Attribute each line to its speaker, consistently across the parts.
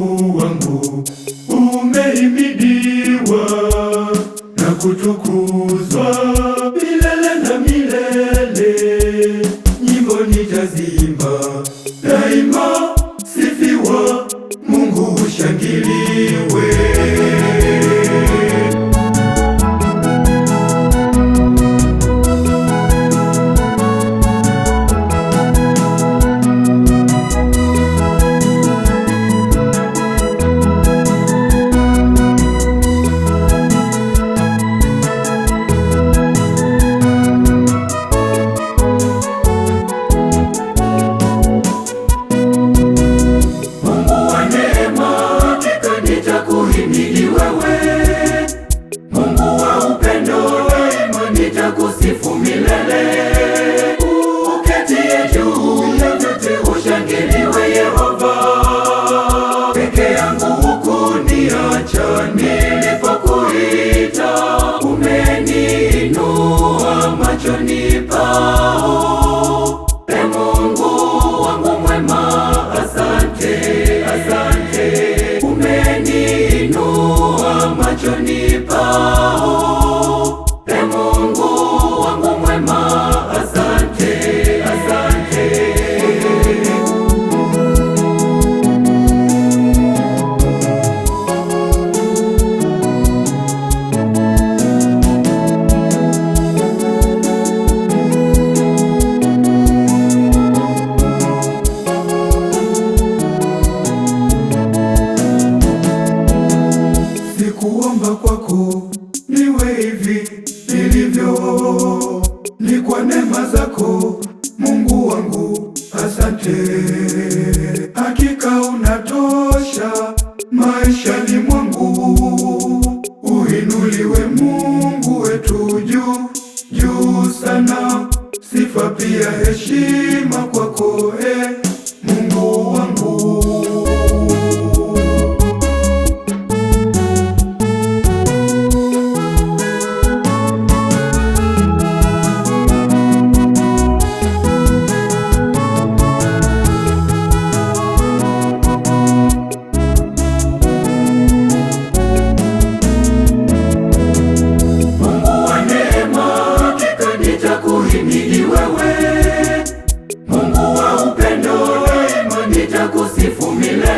Speaker 1: Mungu wangu umehimidiwa na kutukuzwa milele na milele, nyimbo nitazimba daima. neema branco se fulminando.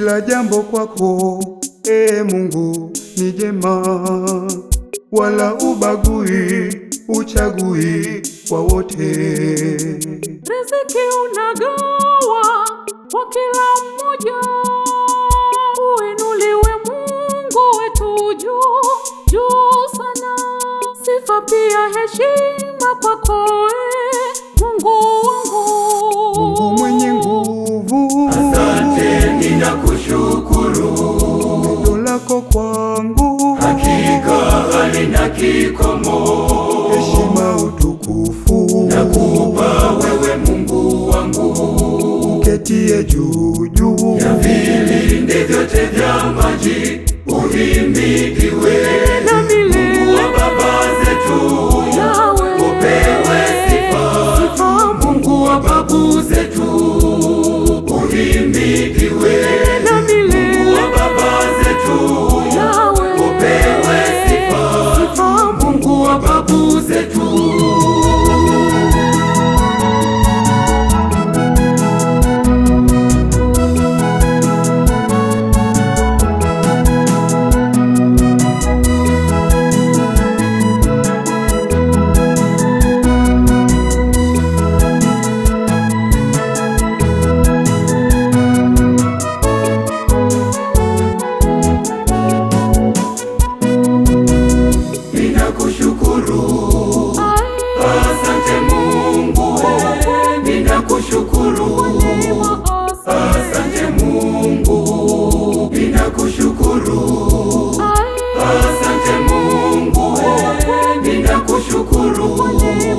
Speaker 1: Kila jambo kwako e Mungu ni jema, wala ubagui uchagui kwa wote.
Speaker 2: Riziki unagawa kwa kila mmoja, uinuliwe Mungu wetu juu juu sana. Sifa pia heshima kwako e
Speaker 1: kikomo. Heshima, utukufu nakupa wewe, Mungu wangu, uketie juu 不如。